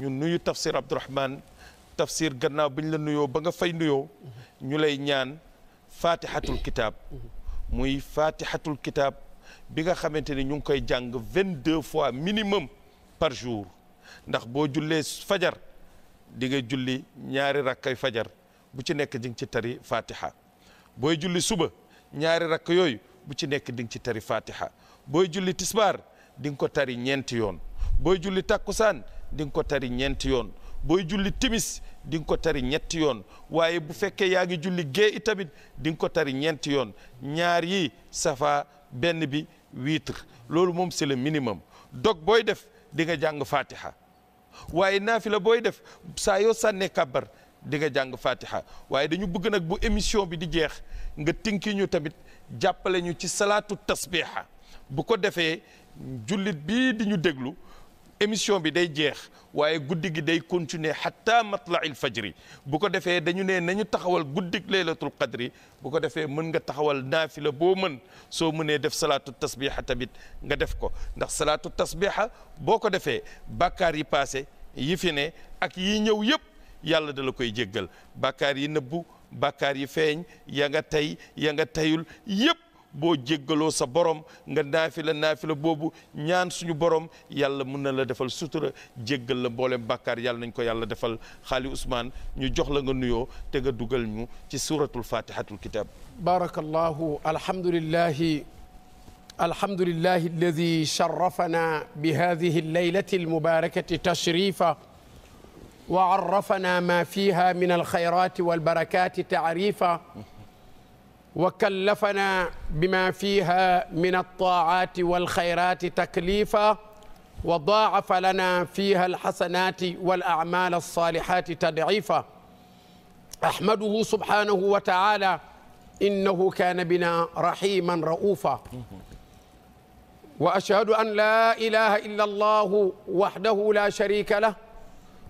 ñu nuyu tafsir Abdourahman tafsir gannaaw bi la nuyoo ba nga fay nuyoo ñu lay ñaan fatihatul kitab muy fatihatul kitab bi nga xamante ni ñu ngi koy jàng vingt-deux fois minimum par jour ndax boo jullee fajar di nga julli ñaari rakkay fajar bu ci nekk di nga ci tari fatiha booy julli suba ñaari rakk yooyu bu ci nekk di nga ci tari fatiha booy julli tisbaar di nga ko tari ñeenti yoon booy julli takkusaan di nga ko tari ñeent yoon booy julli timis di nga ko tari ñetti yoon waaye bu fekkee yaa ngi julli gée i tamit di nga ko tari ñeenti yoon ñaar yi benn bi witre loolu moom c'est le minimum dog booy def di nga jàng fatiha waaye naafila booy def saa yoo sànnee kàbbar di nga jàng fatiha waaye dañu bëgg nag bu émission bi di jeex nga tinki ñu tamit jàppale ñu ci salaatu tasbiha bu ko defee jullit bii di ñu déglu émission bi day jeex waaye guddi gi day continuer hatta matla'il fajri bu ko defee dañu ne nañu taxawal guddik laylatul qadri bu ko defee mën nga taxawal naafila boo mën soo mënee def salaatu tasbiha tamit nga def ko ndax salaatu tasbiha boo ko defee bàkkaar yi paase yi fi ne ak yi ñëw yëpp yàlla dala koy jéggal bàkkaar yi nëbbu bàkkaar yi feeñ ya nga tey ya teyul yëpp bo jéggaloo sa borom nga nafila nafila bobu ñaan suñu borom yàlla mën na la defal sutura jéggal la mboolem bakkar yàlla nañ ko yàlla defal khali usman ñu jox la nga nuyo te nga duggal ñu ci suratul fatihatul kitab barakallahu alhamdulillah alhamdulillah alladhi sharafana bi hadhihi al-lailati al-mubarakati tashrifa وعرفنا ما فيها من الخيرات والبركات تعريفا وكلفنا بما فيها من الطاعات والخيرات تكليفا وضاعف لنا فيها الحسنات والأعمال الصالحات تضعيفا أحمده سبحانه وتعالى إنه كان بنا رحيما رؤوفا وأشهد أن لا إله إلا الله وحده لا شريك له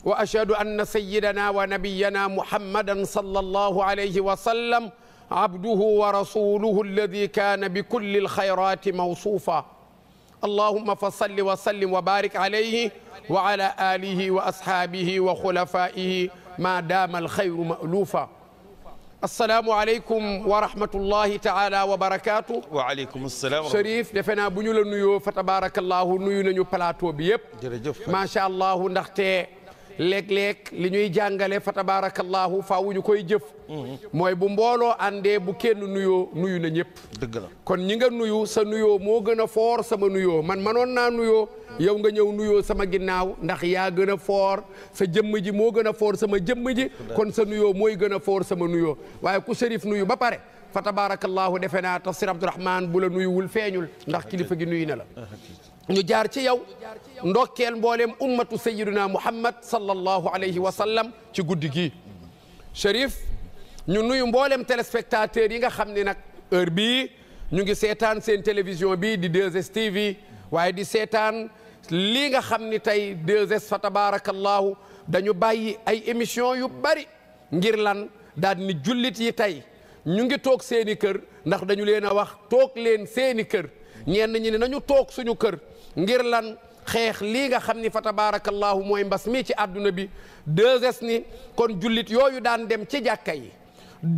وأشهد أن سيدنا ونبينا محمدا صلى الله عليه وسلم عبده ورسوله الذي كان بكل الخيرات موصوفا اللهم فصل وسلم وبارك عليه وعلى آله وأصحابه وخلفائه ما دام الخير مألوفا السلام عليكم ورحمة الله تعالى وبركاته وعليكم السلام شريف دفنا بنيو لنيو فتبارك الله نيو لنيو بلاتو بيب ما شاء الله نختي léeg-léeg li ñuy jàngale fa tabaarakallaahu faaw ñu koy jëf mooy bu mbooloo àndee bu kenn nuyoo nuyu na ñëpp dëgg kon ñi nga nuyu sa nuyoo moo gën a foor sama nuyoo man manoon naa nuyoo yow nga ñëw nuyoo sama ginnaaw ndax yaa gën a foor sa jëmm ji moo gën a foor sama jëmm ji kon sa nuyoo mooy gën a foor sama nuyoo waaye ku sërif nuyu ba pare fa tabaarakallaahu defe naa tafsir abdourahman bu la nuyuwul feeñul ndax kilifa gi nuyu na la ah, ñu jaar ci yow ndokkeel mbooleem ummatu sayyiduna muhammad sallallahu alayhi wa sallam ci guddi gi Cherif ñu nuyu mbooleem téléspectateur yi nga xam ne nag heure bii ñu ngi seetaan seen télévision bi di 2STV waaye di seetaan lii nga xam ni tey 2S fa tabaarakallahu dañu bàyyi ay émission yu bari ngir lan daal ni jullit yi tey ñu ngi toog seeni kër ndax dañu leen a wax toog leen seeni kër ñenn ñi ne nañu toog suñu kër ngir lan xeex lii nga xam ni fa tabaarakallaahu mooy mbas mi ci àdduna bi dees ni kon jullit yooyu daan dem ci jàkka yi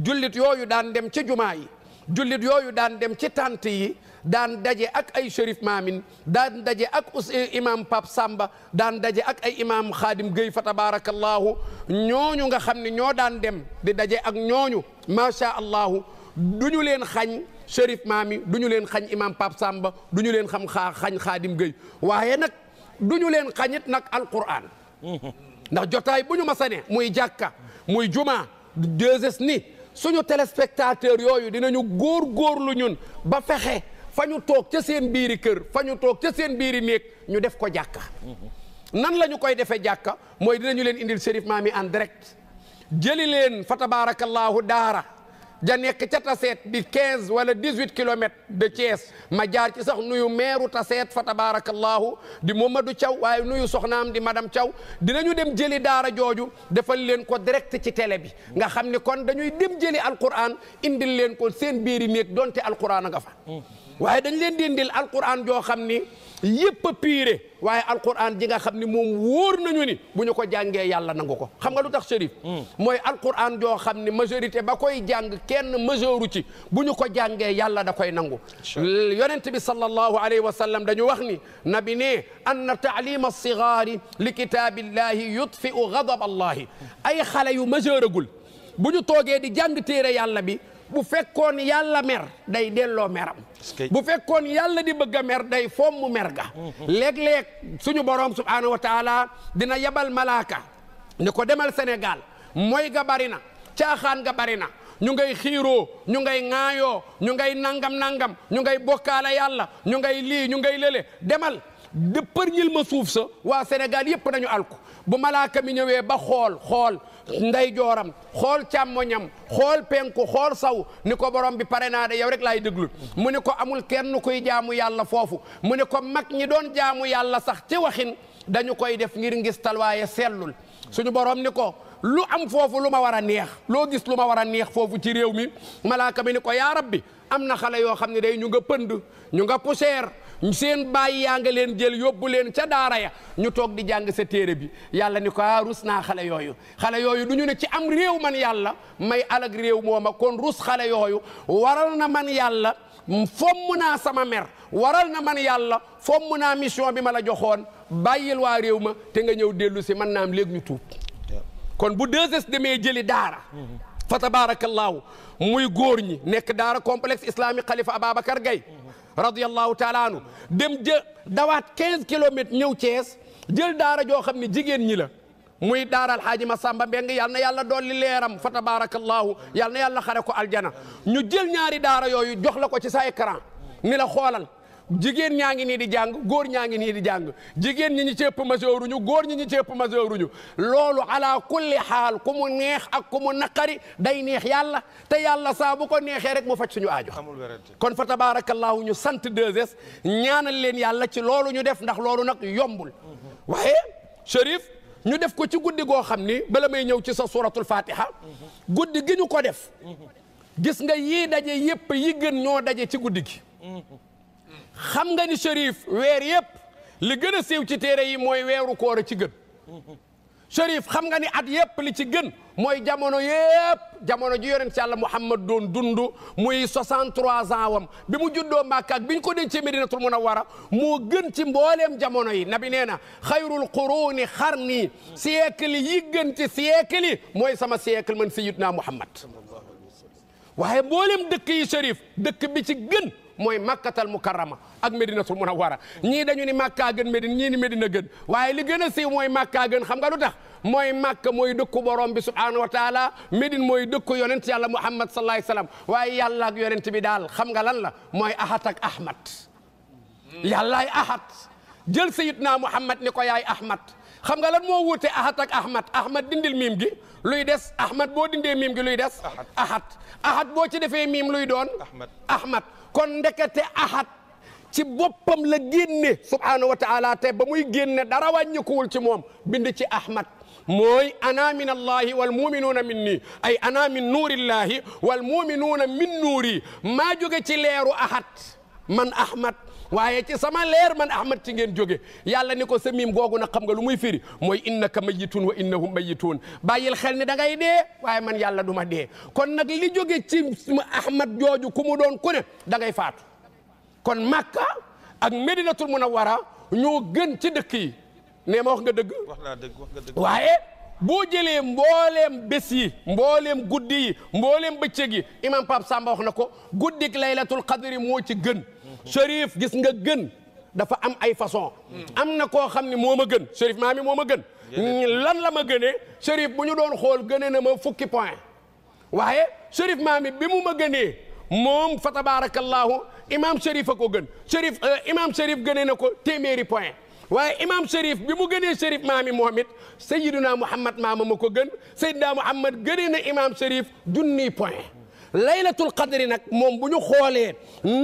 jullit yooyu daan dem ci jumaa yi jullit yooyu daan dem ci tànt yi daan daje ak ay shérif maamin daan daje ak us eh, imam Pape daan daje ak ay imaam Xaadim Guèye fa tabaarakallaahu ñooñu nga xam ne ñoo daan dem di daje ak ñooñu macha allahu duñu leen xañ Chérif Maami du ñu leen xañ imam Pape Samba du ñu leen xam xaa xañ Xaadim Gueye waaye nag du ñu leen xañit nag alquran ndax jotaay bu ñu masane muy jàkka muy juma deses ni suñu téléspectateur yooyu dinañu góor góorlu ñun ba fexe fa ñu toog ca seen biiri kër fa ñu toog ca seen biiri néeg ñu def ko jàkka nan la koy defee jàkka mooy dinañu leen indil Chérif Maami en direct jëli leen fa tabaarakallaahu daara ja nekk ca taseet di quinze wala dix-huit kilomètres de Thiès ma jaar ci sax nuyu meeru taseet fa tabaarakallaahu di Momadou caw waaye nuyu soxnaam di madame Thiaw dinañu dem jëli daara jooju defal leen ko direct ci télé bi nga xam ni kon dañuy dem jëli alquran indil leen ko seen biiri néeg donte alquran a nga fa waaye dañ leen di indil alquran joo xam ni yëpp a piire waaye alquran ji nga xam ni moom wóor nañu ni bu ñu ko jàngee yàlla nangu ko xam nga lu tax Chérif mooy alquran joo xam ni majorité ba koy jàng kenn majoru ci bu ñu ko jàngee yàlla da koy nangu yonent bi sallallahu alayhi wa sallam dañu wax ni nabi ne anna taalima alsigaari li kitaabillahi yutfiu gadab allahi ay xale yu majeuragul bu ñu toogee di jàng téere yàlla bi bu fekkoon yàlla mer day delloo meram bu fekkoon yàlla di bëgg mer day foom mu mer ga léeg-léeg suñu borom subhaanahu wa taala dina yebal malaaka ni ko demal Sénégal mooy ga bari na caaxaan ga bari na ñu ngay xiiroo ñu ngay ŋaayoo ñu ngay nangam nangam ñu ngay bokkaale yàlla ñu ngay lii ñu ngay lele demal dëppërñil ma suuf sa waa Sénégal yépp nañu alku bu malaaka mi ñëwee ba xool xool nday jooram xool càmmoñam xool penku xool saw ni ko borom bi pare naa de yow rek laay déglu mu ne ko amul kenn kuy jaamu yàlla foofu mu ne ko mag ñi doon jaamu yàlla sax ci waxin dañu koy def ngir ngistal waaye sellul suñu borom ni ko lu am foofu lu ma war a neex loo gis lu ma war a neex foofu ci réew mi malaaka mi ni ko yaa rabbi am na xale yoo xam ne day ñu nga pënd ñu nga poussière seen bàyyi yaa nga leen jël yóbbu leen ca daara ya ñu toog di jàng sa téere bi yàlla ni ko ah, rus naa xale yooyu xale yooyu du ñu ne ci am réew man yàlla may alag réew mooma kon rus xale yooyu waral na man yàlla fomm naa sama mer waral na man yàlla fomm naa mission bi ma la joxoon bàyyil waa réew ma te nga ñëw dellu si man am léegi ñu tuub kon bu deux demee jëli daara fa tabarakallahu muy góor ñi nekk daara complexe islamique xalifa Ababacar Gaye radiyallahu taala anhu dem jë dawaat 15 kilomètres ñëw Thiès jël daara joo xam ne jigéen ñi la muy daaral xaaji Masamba Mbeng yal na yàlla dolli leeram fa tabarakallahu yal na yàlla xare ko aljana ñu jël ñaari daara yooyu jox la ko ci sa écran ni la xoolal jigéen ñaa ngi nii di jàng góor ñaa ngi nii di jàng jigéen ñi ñu ci ëpp majeur ñu góor ñi ñu ci ëpp ñu loolu ala kulli xaal ku mu neex ak ku naqari day neex yàlla te yàlla saa ko neexee rek mu faj suñu aajo kon fa tabarakallahu ñu sant 2S ñaanal leen yàlla ci loolu ñu def ndax loolu nag yombul waaye Chérif ñu def ko ci guddi goo xam ni bala may ñëw ci sa suratul fatiha guddi gi ñu ko def gis nga yii daje yépp yi gën ñoo daje ci guddi gi xam nga ni Cherif weer yëpp li gën a siiw ci téere yi mooy weeru koor a ci gën Cherif xam nga ni at yëpp li ci gën mooy jamono yëpp jamono ji yonent yàlla Muhammad doon dund muy 63 ans wam bi mu juddoo Màkka ak bi ñu ko dencee Medinatul Munawwara moo gën ci mbooleem jamono yi nabi nee na xayrul quruni xarni siècle yi gën ci siècle yi mooy sama siècle man sayyidna Muhammad waaye mbooleem dëkk yi Cherif dëkk bi moy makkah al mukarrama ak medinatul munawwara ñi dañu ni makkah gën medine ñi ni medina gën waye li gëna ci moy makkah gën xam nga lutax moy makkah moy dekk borom bi subhanahu wa taala medine moy dekk yonent yàlla muhammad sallallahu alayhi wasallam waye yàlla ak yonent bi dal xam nga lan la moy ahad ak ahmad yalla ay ahad jël sayyidna muhammad ni ko yaay ahmad xam nga lan mo wuté ahad ak ahmad ahmad dindil mim gi luy dess ahmad bo dindé mim gi luy dess ahad ahad bo ci défé mim luy doon ahmad ahmad kon ndekete ahad ci boppam la génne subhaanahu wa taala ba muy génne dara wàññikuwul ci moom bind ci ahmad mooy ana min allahi wal muminuuna min nii ay ana min nuurillahi wal muminuuna min nuuri maa jóge ci leeru ahad man ahmad waaye ci sama leer man ahmad ci ngeen jóge yàlla ni ko sa miim googu nag xam nga lu muy firi mooy innaka mayitun wa innahum mayitun bàyyil xel ni da ngay dee waaye man yàlla du ma dee kon nag li jóge ci ahmad jooju ku mu doon ku ne da ngay faatu kon makka ak medinatul munawwara ñoo gën ci dëkk yi nee ma wax nga dëgg wax naa dëgg wax waaye boo jëlee mbooleem bés yi mbooleem guddi yi mbooleem bëccëg yi imam Pape Samba wax na ko guddik laylatul qadri moo ci gën Chérif gis nga gën dafa am ay façon am na koo xam ne moo ma gën Chérif maa mi moo ma gën lan la ma gënee Chérif bu ñu doon xool gënee na ma fukki point waaye Chérif maa mi bi mu ma gënee moom fa tabaarakallaahu imaam Chérif a ko gën Chérif euh, imaam Chérif gënee na ko téeméeri point waaye imaam Chérif bi mu gënee Chérif maami moom it Seydina Muhammad maama ma ko gën Seydina Muhammad gënee na imaam Chérif junniy point ليله القدر نك موم بو نخوله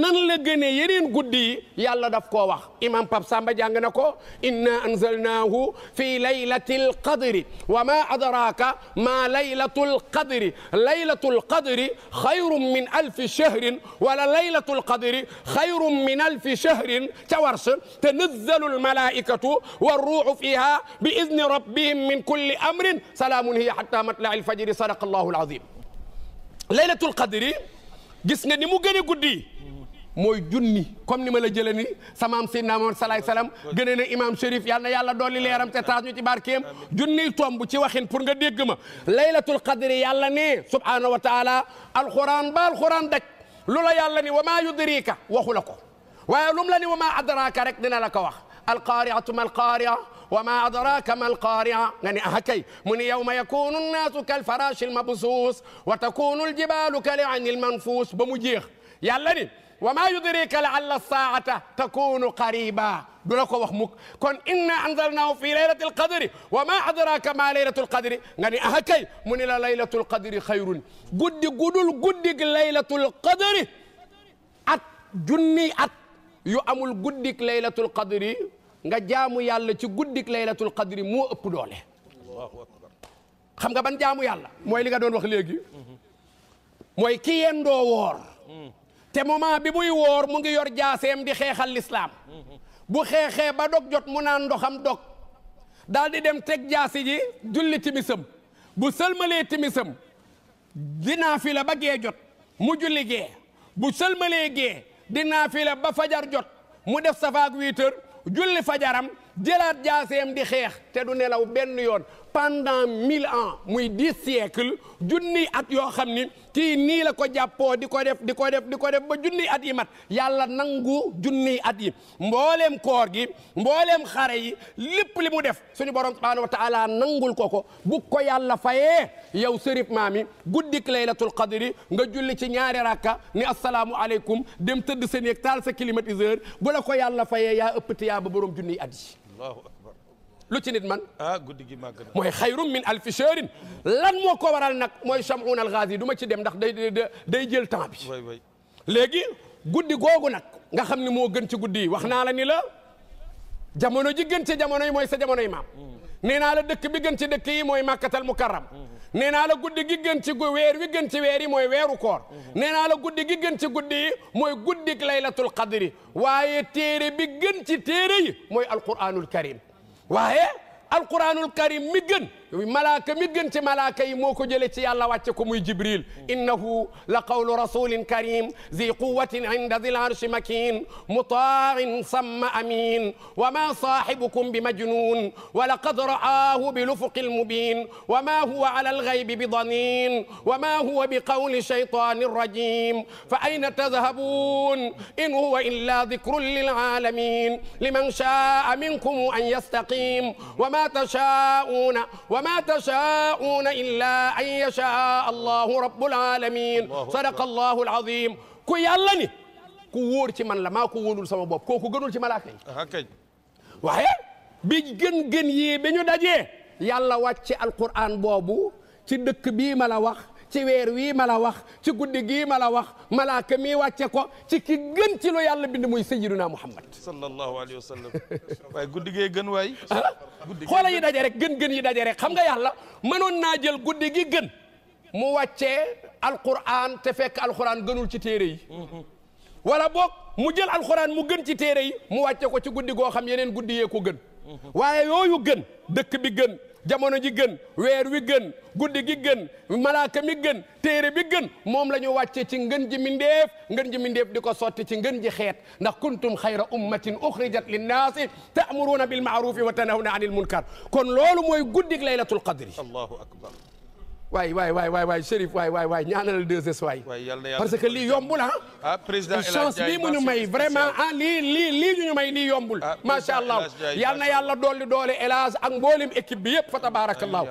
نان لا گني يرين گودي يالا داف كو واخ امام باب سامبا جان نكو ان انزلناه في ليله القدر وما ادراك ما ليله القدر ليله القدر خير من الف شهر ولا ليله القدر خير من الف شهر تورس تنزل الملائكه والروح فيها باذن ربهم من كل امر سلام هي حتى مطلع الفجر صدق الله العظيم ليلة القدر جس نغي مو غني غودي موي جوني كوم نيما لا جيلاني سامام سيدنا محمد صلى الله عليه وسلم غني امام شريف يالنا يالا دولي ليرام تي تاجو تي باركيم جوني تومب تي واخين بور nga deg ma ليله القدر يالا ني سبحانه وتعالى القران با القران دك لولا يالا ني وما يدريك واخو لكو وايا لوم لا ني وما ادراك رك دينا لك واخ القارعه ما القارعه وما أدراك ما القارعة يعني أهكي من يوم يكون الناس كالفراش المبصوص وتكون الجبال كالعن المنفوس بمجيخ يلني وما يدريك لعل الساعة تكون قريبا بلوكو وخمك كن إنا أنزلناه في ليلة القدر وما أدراك ما ليلة القدر يعني أهكي من إلى ليلة القدر خير قد قد قد ليلة القدر أت جني أت يؤمل قدك ليلة القدر nga jaamu yàlla ci guddik laylatul qadri moo ëpp doole xam nga ban jaamu yàlla mooy li nga doon wax léegi mooy ki yendoo woor mm-hmm. te moment bi muy woor mu ngi yor jaaseem di xeexal lislaam mm-hmm. bu xeexee ba dog jot mu naan ndoxam dog daal di dem teg jaasi ji julli timisam bu sëlmalee timisam dinaa fi la ba gee jot mu julli gee bu sëlmalee gee dinaa fi la ba fajar jot mu def safaak huit heures julli fajaram jëlaat jaaseem di xeex te du nelaw benn yoon pendant mille ans muy dix siècles junni at yoo xam ni kii nii la ko jàppoo di ko def di ko def di ko def ba junni at yi mat yàlla nangu junni at yi mboolem koor gi mbooleem xare yi lépp li mu def suñu borom subhaanahu wa taala nangul ko ko bu ko yàlla fayee yow sërib maami guddik laylatul qadri nga julli ci ñaari rakka ni asalaamu aleykum dem tëdd sa néeg taal sa climatiseur bu la ko yàlla faye yaa ëpp tiyaaba borom junni at yi lu ci nit man. ah guddi gi màgg na mooy xayrum min alfi shahrin lan moo ko waral nag mooy Sam'un al-Ghazi du ma ci dem ndax day day jël temps bi. léegi guddi googu nag nga xam ni moo gën ci guddi yi wax naa la ni la jamono ji gën ci jamono yi mooy sa jamono yi maam. nee naa la dëkk bi gën ci dëkk yi mooy Makkatal Mukarram. nee naa la guddi gi gën ci weer wi gën ci weer yi mooy weeru koor nee naa la guddi gi gën ci guddi yi mooy guddik laylatul qadri waaye téere bi gën ci téere yi mooy alquranul karim waaye alquranul karim mi gën malaaka mi gën ci malaaka yi moo ko jële ci yàlla wàcce ko muy jibril innahu la qawlu rasulin karim zi quwatin inda dil arshi makin mutaain samma amin wa ma saaxibukum bi majnun wa laqad ra'aahu bi lufuqi lmubin wa ma huwa ala alghaybi bi danin wa ma huwa bi qawli shaytani rajim fa ayna tadhabun in huwa illa dhikrun lilalamin liman shaa minkum an yastaqim wa ma tashaa'una وما تشاءون إلا أن يشاء الله رب العالمين صدق الله العظيم كي يالني كوور تي من لا ما كوولول سما بوب كوكو غنول تي ملائكه هكاي واخا بي غن غن يي بنيو داجي يالا واتي القران بوبو تي بي مالا ci weer wii ma la wax ci guddi gii ma la wax malaaka mi wàcce ko ci ki gën ci lu yàlla bind muy sayyiduna muhammad sallallahu alayhi wa sallam waaye guddi gee gën waay ah? xoola yi daje rek gën gën yi daje rek xam nga yàlla mënoon naa jël guddi gi gën mu wàccee alquran te fekk alquran gënul ci téere yi wala boog mu jël alxuraan mu gën ci téere yi mu wàcce ko ci guddi goo xam yeneen guddi yee ko gën mhm. waaye yooyu gën dëkk bi gën jamono ji gën wër wi gën guddi gi gën malaaka mi gën téré bi gën mom lañu wàcce ci ngën ji mindeef ngën ji mindeef diko sotti ci ngën ji xeet ndax kuntum khayra ummatin nas ta'muruna bil ma'ruf wa tanhawna anil munkar kon loolu moy guddi laylatul qadr allahu akbar waay waay waay waay waay Chérif waay waay waay ñaanal 2S waay. parce que lii yombul ah. ah président chance bii mu ñu may vraiment ah lii lii lii ñu ñu may lii yombul. Ah, macha allah yal na yàlla dolli doole El Hadj ak mboolem équipe bi yëpp fa tabaarakallah